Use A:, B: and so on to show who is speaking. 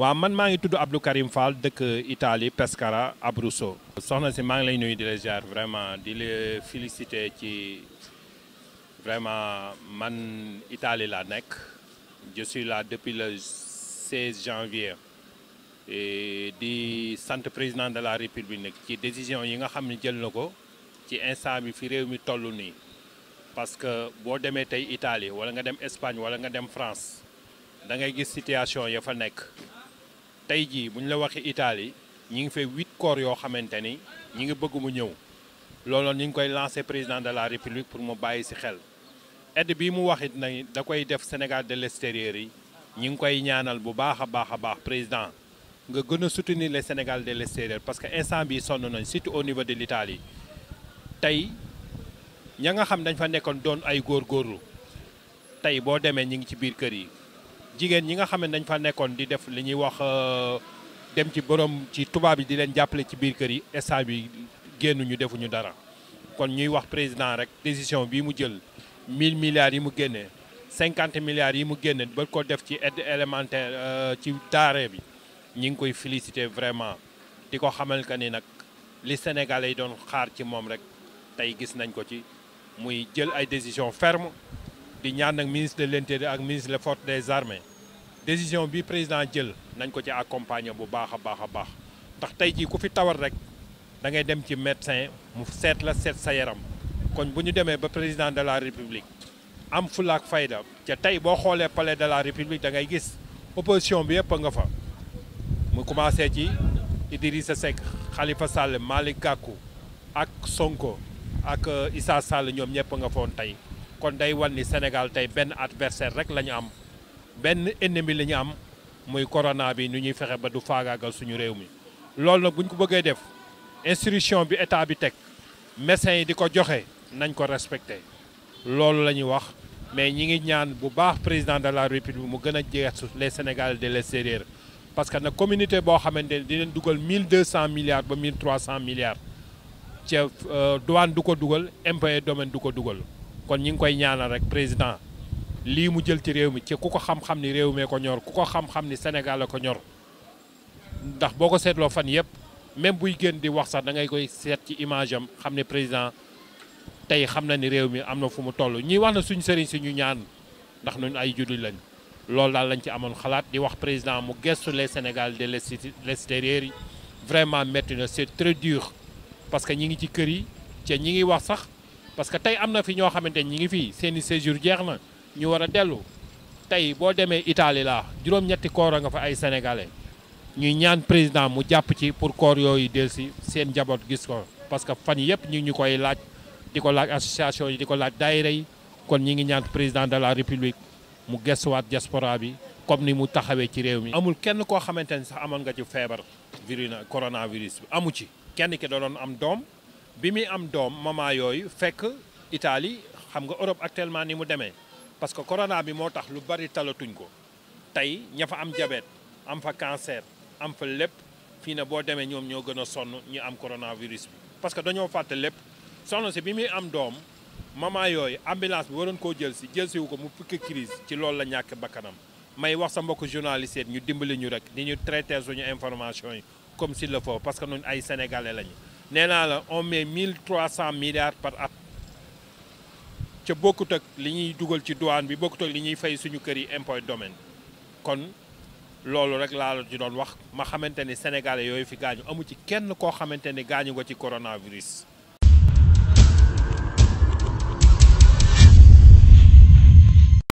A: waaw man maa ngi tudd Abdou Karim dëkk Italie Pescara Abruzzo. soxna si maa ngi lay nuyu di la ziar vraiment di la féliciter ci vraiment man Italie laa nekk je la là depuis le 16 janvier. di sant président de la république ci décision yi nga xam ne jël na ko ci instant bi fi réew mi toll nii parce que boo demee tey Italie wala nga dem Espagne wala nga dem France dangay gis situation ya fa nekk tey jii bu ñu la waxee Italie ñi ngi fay huit corps yoo xamante ni ñi ngi bëgg mu ñëw looloon ñu ngi koy lancé président de la république pour mu bàyyi ci xel aide bii mu waxit nañ da koy def Sénégal de l'extérieur yi ñu ngi koy ñaanal bu baax a baax a baax président nga gën a soutenir le Sénégal de l'extérieur parce que instant bi sonn nañ surtout au niveau de l'Italie tey ña nga xam dañ fa nekkoon doon ay góor góorlu tey boo demee ñi ngi ci biir kër yi jigéen ñi nga xam ne dañ fa nekkoon di def li ñuy wax euh, dem ci borom ci tubaab yi di leen jàppale ci biir kër yi instant bi génnuñu defuñu dara kon ñuy wax président rek décision bi mu jël 1000 milliards yi mu génnee 50 milliards yi mu génne ba ko def ci aide élémentaire euh, ci daare bi ñi ngi koy féliciter vraiment di ko xamal que ni nag li Sénégalais yi doon xaar ci moom rek tey gis nañ ko ci muy jël ay décision ferme di ñaan nag ministre de l'intérieur ak ministre les forces des armées décision bi président jël nañ ko ci accompagner bu baax a baax a baax ndax tey jii ku fi tawat rek da ngay dem ci médecin mu seet la seet sa yaram kon bu ñu demee ba président de la république am fulaak fayda ca tey boo xoolee palais de la république da ngay gis opposition bi yëpp a nga fa mu commencé ci sa Seck Khalifa Sall Malick Gakou ak Sonko ak euh, Issa Sall ñoom ñëpp nga foon tey kon day wan ni Sénégal tey benn adversaire rek la ñu am benn ennemi la ñu am muy corona bi nu ñuy fexe ba du faagaagal suñu réew mi. loolu nag bu ko bëggee def institution bi état bi teg messin yi di ko joxe nañ ko respecté loolu la ñuy wax mais ñi ngi ñaan bu baax président de la république mu gën a jeex les Sénégalais de l'extérieur parce que na communauté boo xamante ne dinañ dugal 1200 milliards ba 1300 milliards. ca euh, douane du ko dugal impayé domaine du ko dugal kon ñi ngi koy ñaanal rek président lii mu jël ci réew mi ci ku ko xam-xam ni réew mee ko ñor ku ko xam-xam ni Sénégal la ko ñor ndax boo ko seetloo fan yëpp même buy génn di wax sax da ngay koy seet ci image am xam ne président tey xam na ni réew mi am na fu mu toll ñuy wax na suñ sëriñ si ñu ñaan ndax ñun ay jullit lañ loolu daal lañ ci amoon xalaat di wax président mu gestule Sénégal de l'extérieur yi vraiment métti na c'est très dur parce que ñi ngi ci kër yi te ñi ngi wax sax. parce que tey am na fi ñoo xamante ñi ngi fii seeni i jeex na ñu war a dellu tey boo demee Italie la juróom-ñetti koor a nga fa ay sénégalais ñuy ñaan président mu jàpp ci pour koor yooyu del si seen njaboot gis ko parce que fan yëpp ñu ñu koy laaj di ko laaj association yi di ko laaj daayira yi kon ñi ngi ñaan président de la république mu gestuwaat diaspora bi comme ni mu taxawee ci réew mi. amul kenn koo xamante ni sax amoon nga ci feebar. virina coronavirus bi amu ci. kenn ki da am doom. bi muy am doom maman yooyu fekk Italie xam nga Europe actuellement ni mu demee parce que corona bi moo tax lu bari talatuñ ko tey ña fa am diabète am fa cancer am fa lépp fii ne boo demee ñoom ñoo gën a sonn ñu am coronavirus bi parce que dañoo fàtte lépp soxna si bi muy am doom maman yooyu ambulance bi waroon koo jël si jël siwu ko mu pikk crise ci loolu la ñàkk bakkanam may wax sa mbokk journaliste ñu dimbali ñu rek di ñu traité suñu information yi comme s'il le faut parce que ñun ay sénégalais lañu nee naa la on met mille trois cent milliards par at ca bokkut ak li ñuy dugal ci douane bi bokkut ak li ñuy fay suñu kër yi impôt domaine kon loolu rek laa la di doon wax ma xamante ni sénégalais yooyu fi gaañu amu ci kenn koo xamante ni gaañu nga ci coronavirus.